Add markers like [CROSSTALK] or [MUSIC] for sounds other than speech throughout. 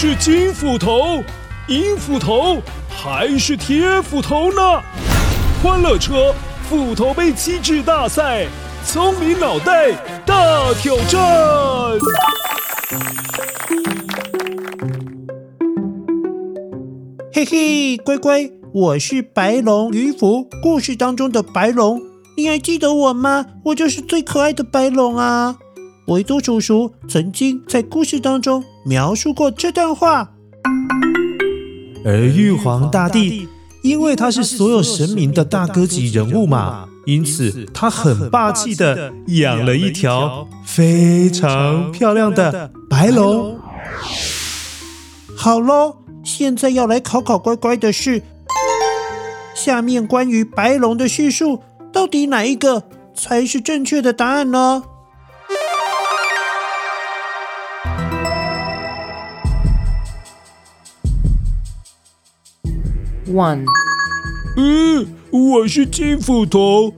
是金斧頭、銀斧頭還是鐵斧頭呢？歡樂車斧頭盃機智大賽，聰明腦袋大挑戰。嘿嘿，乖乖，我是白龍魚服故事當中的白龍，你還記得我嗎？我就是最可愛的白龍啊！維多叔叔曾經在故事當中。描述過這段話，而玉皇大帝因為他是所有神明的大哥級人物嘛，因此他很霸氣的養了一條非常漂亮的白龍。好咯，現在要來考考乖乖的是，下面關於白龍的敘述，到底哪一個才是正確的答案呢、哦？One，嗯，我是金斧頭，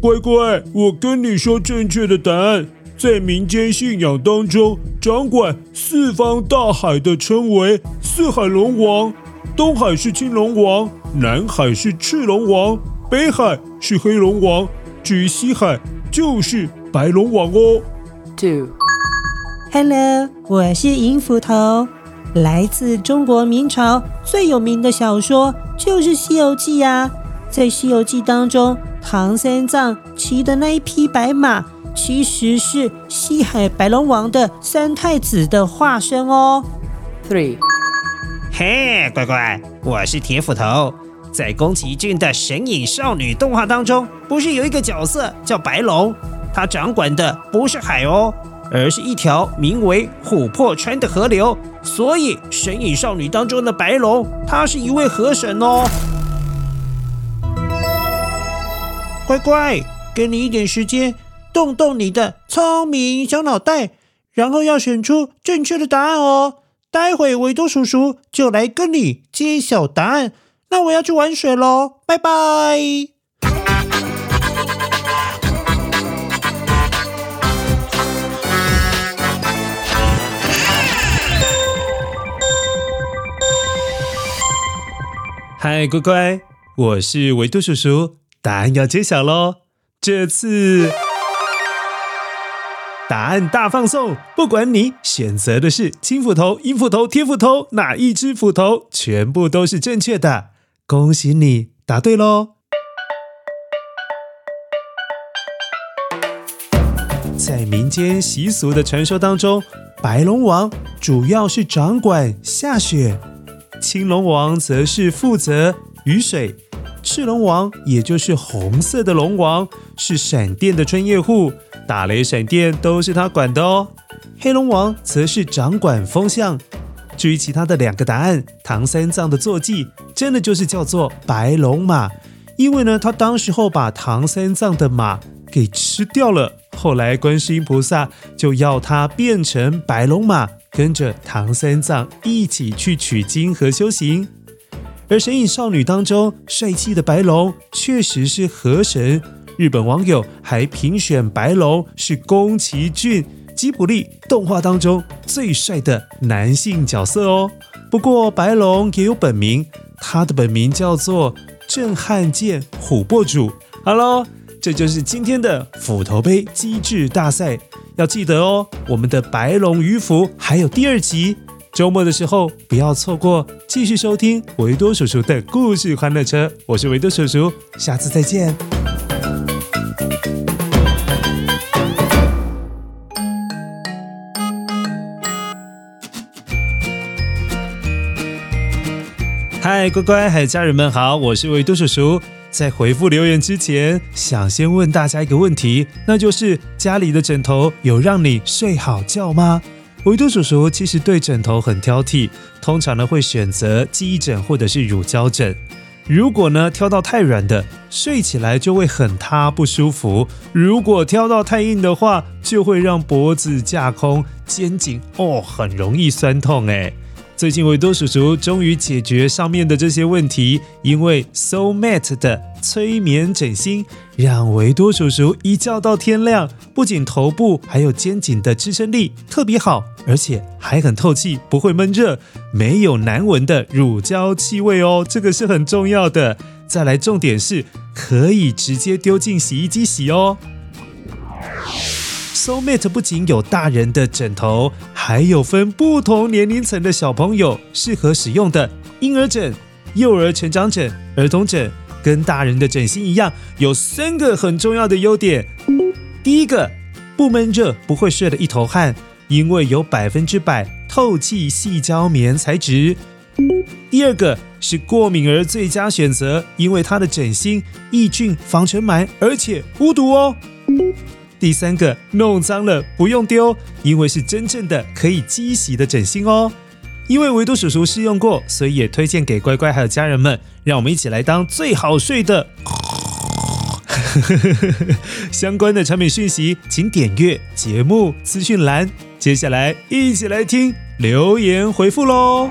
乖乖，我跟你說正確的答案，在民間信仰當中，掌管四方大海的稱為四海龍王，東海是青龍王，南海是赤龍王，北海是黑龍王，至於西海就是白龍王哦。Two，Hello，我是銀斧頭。來自中國明朝最有名的小說就是《西遊記》呀。在《西遊記》當中，唐三藏騎的那一匹白馬其實是西海白龍王的三太子的化身哦。Three，嘿，hey, 乖乖，我是鐵斧頭。在宮崎駿的《神隱少女》動畫當中，不是有一個角色叫白龍，他掌管的不是海哦。而是一條名為琥珀川的河流，所以神隱少女當中的白龍，她是一位河神哦。乖乖，給你一點時間，動動你的聰明小腦袋，然後要選出正確的答案哦。待會維多叔叔就來跟你揭曉答案。那我要去玩水嘍，拜拜。嗨，Hi, 乖乖，我是維度叔叔，答案要揭曉嘍！這次答案大放送，不管你選擇的是金斧頭、銀斧頭、鐵斧頭，哪一只斧頭，全部都是正確的，恭喜你答對嘍！在民間習俗的傳說當中，白龍王主要是掌管下雪。青龍王則是負責雨水，赤龍王也就是紅色的龍王是閃電的專業戶。打雷閃電都是他管的哦。黑龍王則是掌管風向。至於其他的兩個答案，唐三藏的坐騎真的就是叫做白龍馬，因為呢，他當時候把唐三藏的馬給吃掉了，後來觀世音菩薩就要他變成白龍馬。跟着唐三藏一起去取經和修行，而神隱少女當中帥氣的白龍確實是河神。日本網友還評選白龍是宮崎駿吉卜力動畫當中最帥的男性角色哦。不過白龍也有本名，他的本名叫做賑早見琥珀主。哈嘍，Hello, 這就是今天的斧頭杯機智大賽。要記得哦，我們的白龍魚服還有第二集，周末的時候不要錯過，繼續收聽維多叔叔的故事歡樂車。我是維多叔叔，下次再見。嗨，乖乖，嗨，家人們好，我是維多叔叔。在回復留言之前，想先問大家一個問題，那就是家裡的枕頭有讓你睡好覺嗎？維多叔叔其實對枕頭很挑剔，通常呢會選擇記憶枕或者是乳膠枕。如果呢挑到太軟的，睡起來就會很塌不舒服；如果挑到太硬的話，就會讓脖子架空、肩頸哦很容易痠痛哎。最近維多叔叔終於解決上面的這些問題，因為 SOULMATT 的催眠枕芯讓維多叔叔一覺到天亮，不僅頭部還有肩頸的支撐力特別好，而且還很透氣，不會悶熱，沒有難聞的乳膠氣味哦，這個是很重要的。再來，重點是可以直接丟進洗衣機洗哦。SOULMATT 不僅有大人的枕頭，還有分不同年齡層的小朋友適合使用的嬰兒枕、幼兒成長枕、兒童枕，跟大人的枕芯一樣，有三個很重要的優點。第一個，不悶熱，不會睡得一頭汗，因為有百分之百透氣細膠棉材質。第二個，是過敏兒最佳選擇，因為它的枕芯抑菌、防塵蟎，而且無毒哦。第三個，弄髒了不用丟，因為是真正的可以機洗的枕芯哦。因為維多叔叔試用過，所以也推薦給乖乖還有家人們。讓我們一起來當最好睡的。 [LAUGHS] 相關的產品訊息，請點閱節目資訊欄。接下來一起來聽留言回覆嘍。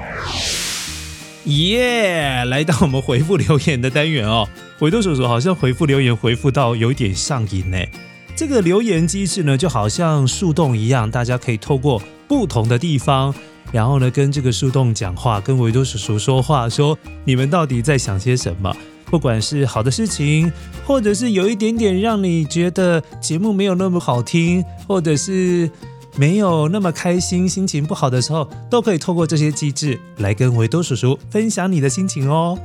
耶、yeah，來到我們回覆留言的單元哦。維多叔叔好像回覆留言回覆到有點上癮呢、欸。這個留言機制呢，就好像樹洞一樣，大家可以透過不同的地方，然後呢，跟這個樹洞講話，跟維多叔叔說話，說你們到底在想些什麼？不管是好的事情，或者是有一點點讓你覺得節目沒有那麼好聽，或者是沒有那麼開心，心情不好的時候，都可以透過這些機制來跟維多叔叔分享你的心情哦。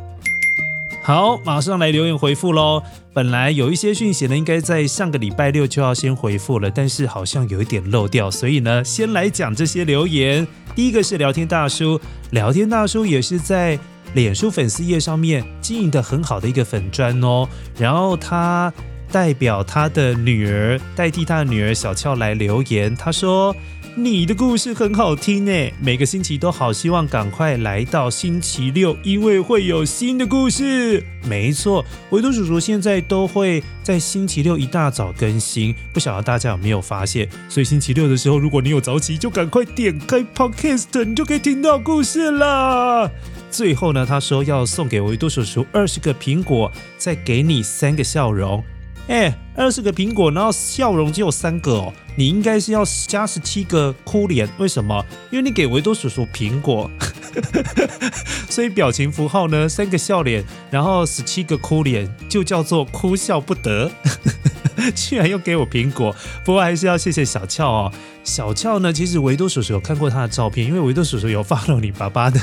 好，馬上來留言回覆嘍。本來有一些訊息呢，應該在上個禮拜六就要先回覆了，但是好像有一點漏掉，所以呢，先來講這些留言。第一個是聊天大叔，聊天大叔也是在臉書粉絲頁上面經營的很好的一個粉專哦。然後他代表他的女兒，代替他的女兒小俏來留言，他說。你的故事很好聽呢，每個星期都好希望趕快來到星期六，因為會有新的故事。沒錯，維多叔叔現在都會在星期六一大早更新，不曉得大家有沒有發現？所以星期六的時候，如果你有早起，就趕快點開 Podcast，你就可以聽到故事啦。最後呢，他說要送給維多叔叔二十個蘋果，再給你三個笑容。哎，二十個蘋果，然後笑容只有三個哦。你應該是要加十七個哭臉，為什麼？因為你給維多叔叔蘋果， [LAUGHS] 所以表情符號呢，三個笑臉，然後十七個哭臉，就叫做哭笑不得。 [LAUGHS] 居然又給我蘋果，不過還是要謝謝小俏哦。小俏呢，其實維多叔叔有看過他的照片，因為維多叔叔有 follow 你爸爸的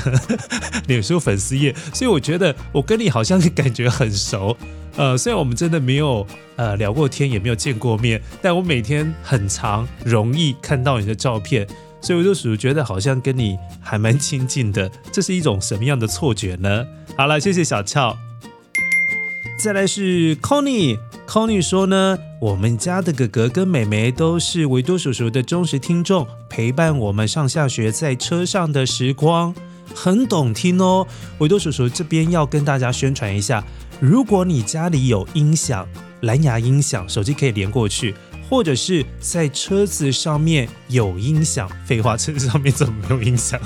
臉書粉絲頁，所以我覺得我跟你好像感覺很熟。呃，雖然我們真的沒有呃聊過天，也沒有見過面，但我每天很常容易看到你的照片，所以我就覺得好像跟你還蠻親近的。這是一種什麼樣的錯覺呢？好了，謝謝小俏。再來是 Conny，Conny 說呢，我們家的哥哥跟妹妹都是維多叔叔的忠實聽眾，陪伴我們上下學在車上的時光，很懂聽哦、喔。維多叔叔這邊要跟大家宣傳一下。如果你家裡有音響，藍牙音響，手機可以連過去，或者是在車子上面有音響。廢話，車子上面怎麼沒有音響？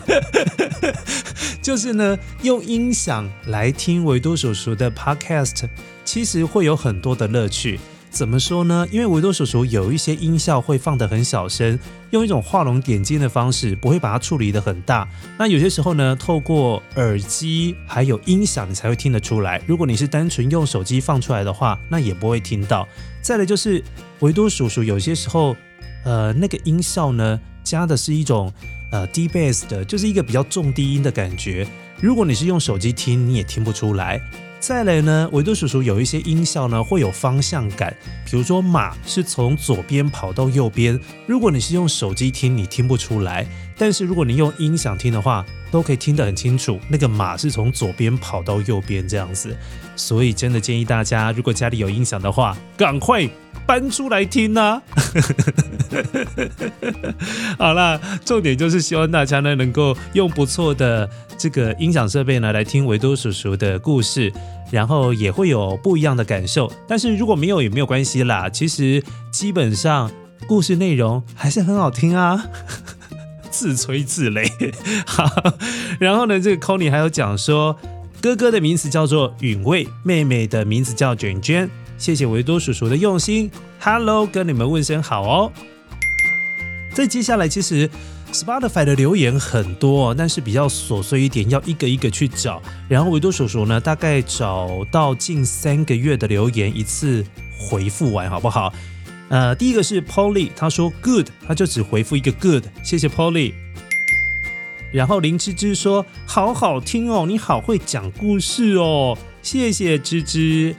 [LAUGHS] 就是呢，用音響來聽維多叔叔的 Podcast，其實會有很多的樂趣。怎麼說呢？因為維多叔叔有一些音效會放得很小聲，用一種畫龍點睛的方式，不會把它處理得很大。那有些時候呢，透過耳機還有音響，你才會聽得出來。如果你是單純用手機放出來的話，那也不會聽到。再來就是維多叔叔有些時候，呃，那個音效呢，加的是一種呃低 bass 的，D、based，就是一個比較重低音的感覺。如果你是用手機聽，你也聽不出來。再來呢，維度叔叔有一些音效呢，會有方向感，比如說馬是從左邊跑到右邊。如果你是用手機聽，你聽不出來。但是如果你用音響聽的話，都可以聽得很清楚。那個馬是從左邊跑到右邊這樣子，所以真的建議大家，如果家裡有音響的話，趕快搬出來聽啊。 [LAUGHS] 好啦，重點就是希望大家呢能夠用不錯的這個音響設備呢來聽維多叔叔的故事，然後也會有不一樣的感受。但是如果沒有也沒有關係啦，其實基本上故事內容還是很好聽啊。自吹自擂，哈。 [LAUGHS] 然後呢，這個 Connie 還有講說，哥哥的名字叫做允衛，妹妹的名字叫娟娟。Jen, 謝謝維多叔叔的用心，Hello，跟你們問聲好哦。在 [NOISE] 接下來，其實 Spotify 的留言很多，但是比較瑣碎一點，要一個一個去找。然後維多叔叔呢，大概找到近三個月的留言，一次回復完，好不好？呃，第一個是 Polly，他說 good，他就只回復一個 good，謝謝 Polly。然後林芝芝說，好好聽哦，你好會講故事哦，謝謝芝芝。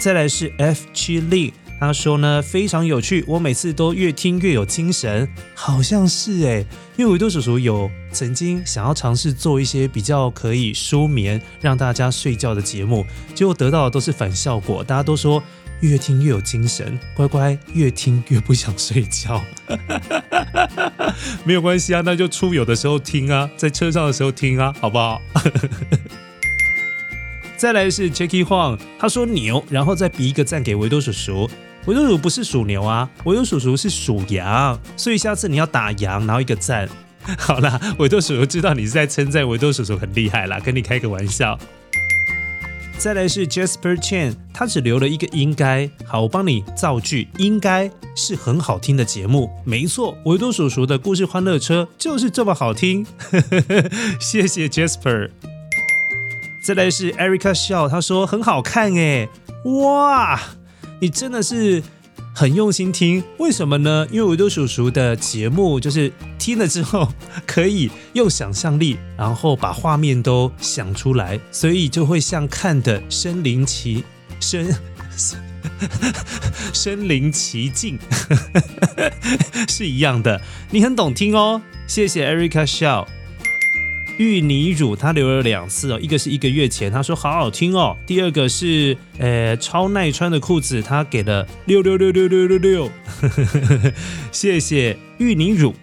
再來是 F7Li，他說呢，非常有趣，我每次都越聽越有精神，好像是誒、欸，因為維多叔叔有曾經想要嘗試做一些比較可以舒眠讓大家睡覺的節目，結果得到的都是反效果，大家都說。越聽越有精神，乖乖越聽越不想睡覺。 [LAUGHS] 沒有關係啊，那就出遊的時候聽啊，在車上的時候聽啊，好不好？ [LAUGHS] 再來是 Cheeky Huang，他說牛，然後再比一個讚給維多叔叔。維多叔不是屬牛啊，維多叔叔是屬羊，所以下次你要打羊，然後一個讚。好啦，維多叔叔知道你是在稱讚維多叔叔很厲害啦，跟你開個玩笑。再來是 Jasper Chen，他只留了一個應該。好，我幫你造句，應該是很好聽的節目。沒錯，維多叔叔的故事歡樂車就是這麼好聽。 [LAUGHS] 謝謝 Jasper。再來是 Erica Shell，他說很好看哎、欸，哇，你真的是。很用心聽，為什麼呢？因為維多叔叔的節目，就是聽了之後可以用想象力然後把畫面都想出來，所以就會像看的身臨其身，身臨其境 [LAUGHS] 是一樣的。你很懂聽哦，謝謝 Erica Shell 芋泥乳，他留了兩次哦，一個是一個月前，他說好好聽哦，第二個是，呃，超耐穿的褲子，他給了六六六六六六六，謝謝芋泥乳。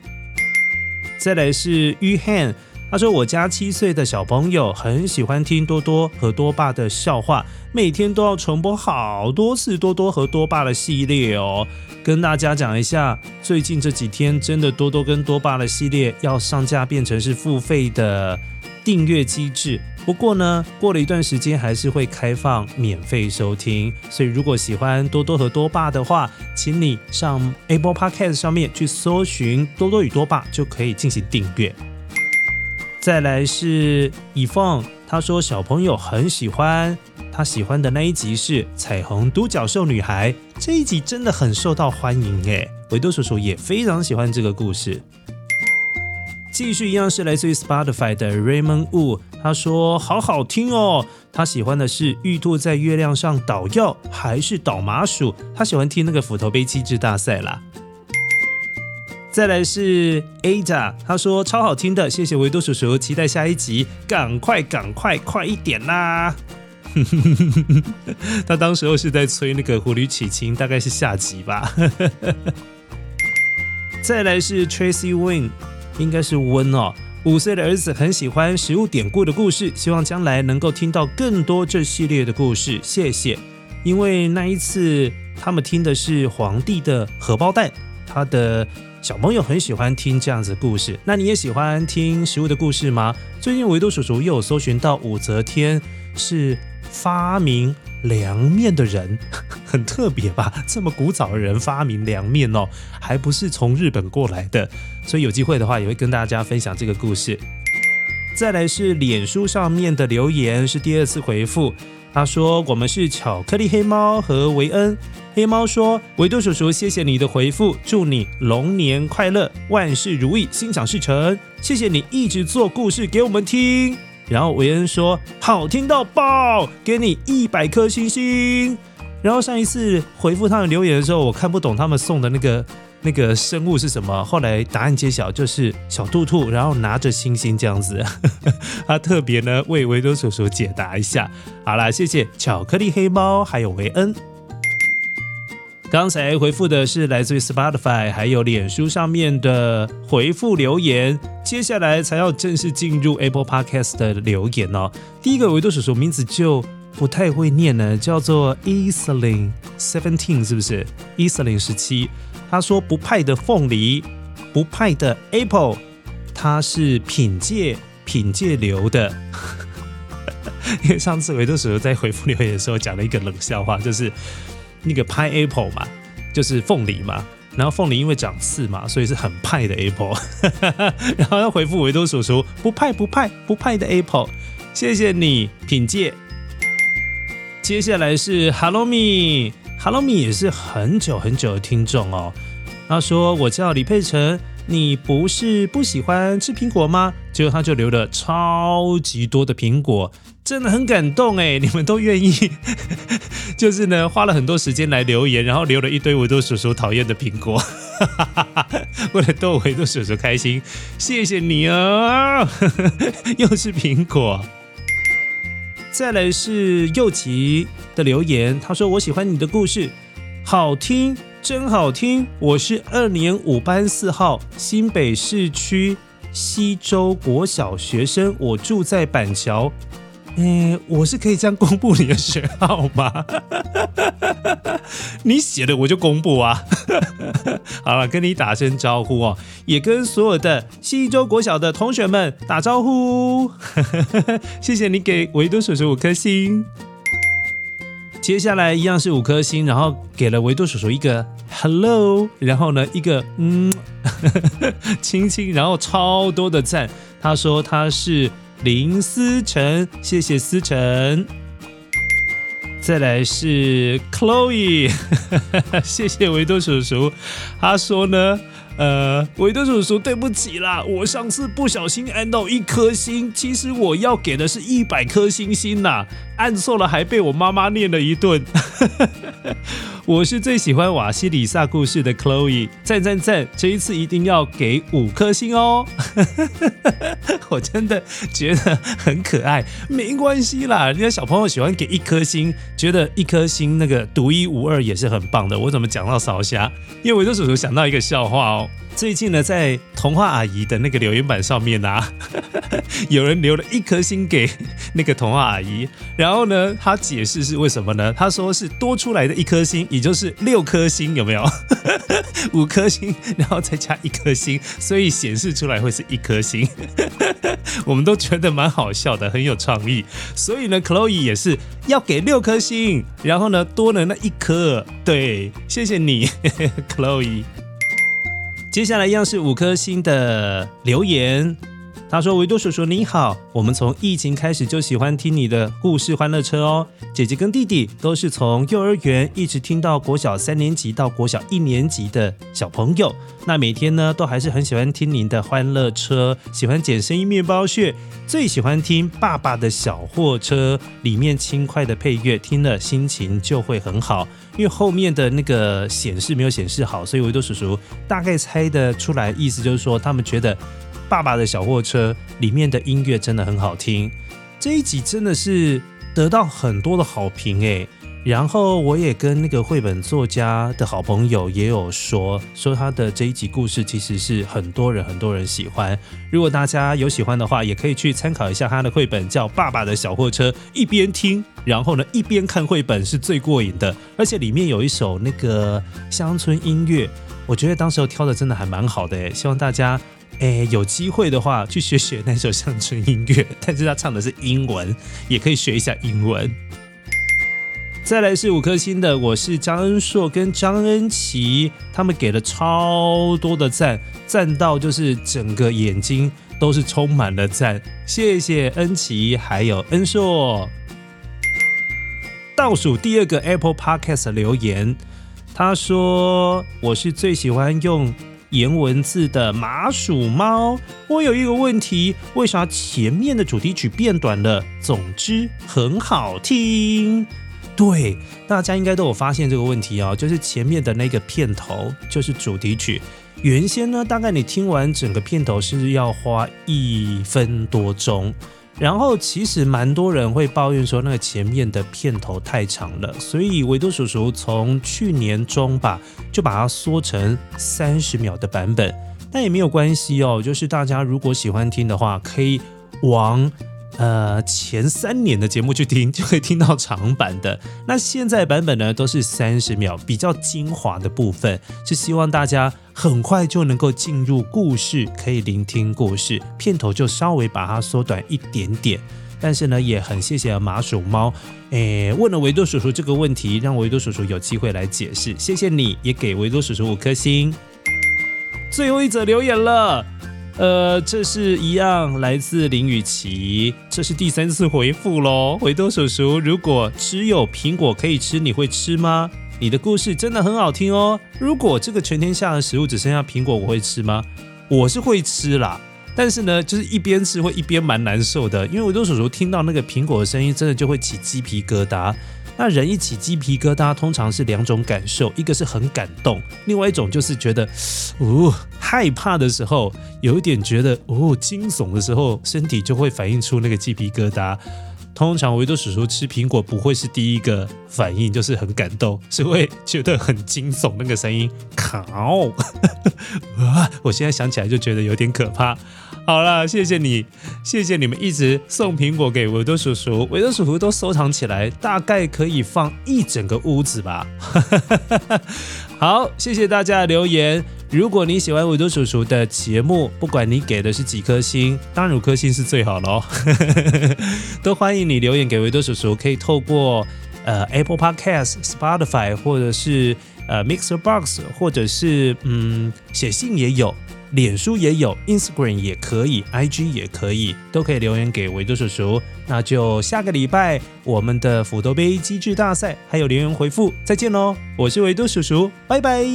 再來是玉漢。他說：“我家七歲的小朋友很喜歡聽多多和多爸的笑話，每天都要重播好多次多多和多爸的系列哦。”跟大家講一下，最近這幾天真的多多跟多爸的系列要上架變成是付費的訂閱機制。不過呢，過了一段時間還是會開放免費收聽。所以如果喜歡多多和多爸的話，請你上 Apple Podcast 上面去搜尋“多多與多爸”就可以進行訂閱。再來是 Yvonne，他說，小朋友很喜歡。他喜歡的那一集是《彩虹獨角獸女孩》，這一集真的很受到歡迎哎、欸。維多叔叔也非常喜歡這個故事。繼續一樣是來自於 Spotify 的 Raymond Wu，他說好好聽哦，他喜歡的是玉兔在月亮上搗藥還是搗麻薯，他喜歡聽那個斧頭杯機智大賽啦。再來是 Ada，他說超好聽的，謝謝維多叔叔，期待下一集，趕快趕快快一點啦！ [LAUGHS] 他當時候是在催那個狐狸娶親，大概是下集吧。 [LAUGHS] 再來是 Tracy Win，應該是 Win 哦，五歲的兒子很喜歡食物典故的故事，希望將來能夠聽到更多這系列的故事，謝謝。因為那一次他們聽的是皇帝的荷包蛋，他的。小朋友很喜歡聽這樣子的故事，那你也喜歡聽食物的故事嗎？最近唯獨叔叔又有搜尋到武則天是發明涼麵的人，很特別吧？這麼古早的人發明涼麵哦，還不是從日本過來的，所以有機會的話也會跟大家分享這個故事。再來是臉書上面的留言，是第二次回復。他說：“我們是巧克力黑貓和維恩。”黑貓說：“維多叔叔，謝謝你的回復，祝你龍年快樂，萬事如意，心想事成。謝謝你一直做故事給我們聽。”然後維恩說：“好聽到爆，給你一百顆星星。”然後上一次回復他們留言的時候，我看不懂他們送的那個。那個生物是什麼？後來答案揭曉，就是小兔兔，然後拿着星星這樣子。呵呵，他特別呢為維多叔叔解答一下。好啦，謝謝巧克力黑貓，還有維恩。剛才回復的是來自於 Spotify 還有臉書上面的回復留言，接下來才要正式進入 Apple Podcast 的留言哦。第一個維多叔叔名字就不太會念呢，叫做 Iselin Seventeen，是不是 Iselin 十七？E 他說不派的鳳梨，不派的 apple，他是品界、品界流的。 [LAUGHS] 因為上次維多叔叔在回復留言的時候講了一個冷笑話，就是那個 pie apple 嘛，就是鳳梨嘛。然後鳳梨因為長刺嘛，所以是很派的 apple。 [LAUGHS] 然後要回復維多叔叔，不派不派不派的 apple，謝謝你品界。接下來是 hello me。Hello 米也是很久很久的聽眾哦，他說我叫李佩誠，你不是不喜歡吃蘋果嗎？結果他就留了超級多的蘋果，真的很感動哎、欸，你們都願意，就是呢花了很多時間來留言，然後留了一堆我都說說討厭的蘋果，為了逗我我都說說開心，謝謝你哦、啊，又是蘋果。再來是右吉的留言，他說：“我喜歡你的故事，好聽，真好聽。”我是二年五班四號，新北市區西洲國小學生，我住在板橋。嗯，我是可以這樣公布你的學號嗎？ [LAUGHS] 你寫的我就公布啊。 [LAUGHS] 好了，跟你打聲招呼哦，也跟所有的西洲國小的同學們打招呼。 [LAUGHS] 謝謝你給維多叔叔五顆星。接下來一樣是五顆星，然後給了維多叔叔一個 hello，然後呢一個嗯，親 [LAUGHS] 親，然後超多的讚。他說他是。林思成，謝謝思成。再來是 Chloe，謝謝維多叔叔。他說呢，呃，維多叔叔，對不起啦，我上次不小心按到一顆星，其實我要給的是一百顆星星啦，啊，按錯了還被我媽媽念了一頓。呵呵。我是最喜歡瓦西里薩故事的 Chloe，讚讚讚！這一次一定要給五顆星哦！ [LAUGHS] 我真的覺得很可愛，沒關係啦，人家小朋友喜歡給一顆星，覺得一顆星那個獨一無二也是很棒的。我怎麼講到少俠？因為我這時候想到一個笑話哦。最近呢，在童話阿姨的那個留言板上面啊，有人留了一顆星給那個童話阿姨，然後呢，他解釋是為什麼呢？他說是多出來的一顆星，也就是六顆星，有沒有？五顆星，然後再加一顆星，所以顯示出來會是一顆星。我們都覺得蠻好笑的，很有創意。所以呢，Chloe 也是要給六顆星，然後呢，多了那一顆。對，謝謝你，Chloe。接下來一樣是五顆星的留言，他說：“維多叔叔你好，我們從疫情開始就喜歡聽你的故事歡樂車哦。姐姐跟弟弟都是從幼兒園一直聽到國小三年級到國小一年級的小朋友，那每天呢都還是很喜歡聽您的歡樂車，喜歡撿聲音麵包屑，最喜歡聽爸爸的小貨車裡面輕快的配樂，聽了心情就會很好。”因為後面的那個顯示沒有顯示好，所以維多叔叔大概猜得出來，意思就是說他們覺得爸爸的小貨車裡面的音樂真的很好聽，這一集真的是得到很多的好評欸。然後我也跟那個繪本作家的好朋友也有說，說他的這一集故事其實是很多人很多人喜歡。如果大家有喜歡的話，也可以去參考一下他的繪本，叫《爸爸的小貨車》。一邊聽，然後呢一邊看繪本是最過癮的。而且裡面有一首那個鄉村音樂，我覺得當時候挑的真的還蠻好的誒。希望大家誒，有機會的話，去學學那首鄉村音樂，但是他唱的是英文，也可以學一下英文。再來是五顆星的，我是張恩碩跟張恩琪，他們給了超多的讚，讚到就是整個眼睛都是充滿了讚，謝謝恩琪還有恩碩。倒數第二個 Apple Podcast 留言，他說我是最喜歡用顏文字的麻薯貓，我有一個問題，為啥前面的主題曲變短了？總之很好聽。對，大家應該都有發現這個問題哦，就是前面的那個片頭，就是主題曲，原先呢，大概你聽完整個片頭是要花一分多鐘，然後其實蠻多人會抱怨說那個前面的片頭太長了，所以維多叔叔從去年中吧，就把它縮成三十秒的版本，但也沒有關係哦，就是大家如果喜歡聽的話，可以往，呃，前三年的節目去聽，就可以聽到長版的。那現在版本呢，都是三十秒，比較精華的部分。是希望大家很快就能夠進入故事，可以聆聽故事。片頭就稍微把它縮短一點點。但是呢，也很謝謝麻薯貓，誒、欸，問了維多叔叔這個問題，讓維多叔叔有機會來解釋。謝謝你也給維多叔叔五顆星。最後一則留言了。呃，這是一樣，來自林雨綺，這是第三次回復嘍。回頭叔叔。如果只有蘋果可以吃，你會吃嗎？你的故事真的很好聽哦。如果這個全天下的食物只剩下蘋果，我會吃嗎？我是會吃啦。但是呢，就是一邊吃會一邊蠻難受的，因為維多叔叔聽到那個蘋果的聲音，真的就會起雞皮疙瘩。那人一起雞皮疙瘩，通常是兩種感受，一個是很感動，另外一種就是覺得，哦，害怕的時候有一點覺得哦驚悚的時候，身體就會反映出那個雞皮疙瘩。通常維多叔叔吃蘋果不會是第一個反應就是很感動，是會覺得很驚悚那個聲音，卡哦，啊， [LAUGHS] 我現在想起來就覺得有點可怕。好啦，謝謝你，謝謝你們一直送蘋果給維多叔叔，維多叔叔都收藏起來，大概可以放一整個屋子吧。哈哈哈哈。好，謝謝大家的留言。如果你喜歡維多叔叔的節目，不管你給的是幾顆星，當然五顆星是最好咯。 [LAUGHS] 都歡迎你留言給維多叔叔，可以透過呃 Apple Podcast、Spotify 或者是呃 Mixer Box，或者是嗯寫信也有。臉書也有，Instagram 也可以，IG 也可以，都可以留言給維多叔叔。那就下個禮拜，我們的斧頭盃機智大賽還有留言回覆，再見嘍！我是維多叔叔，拜拜。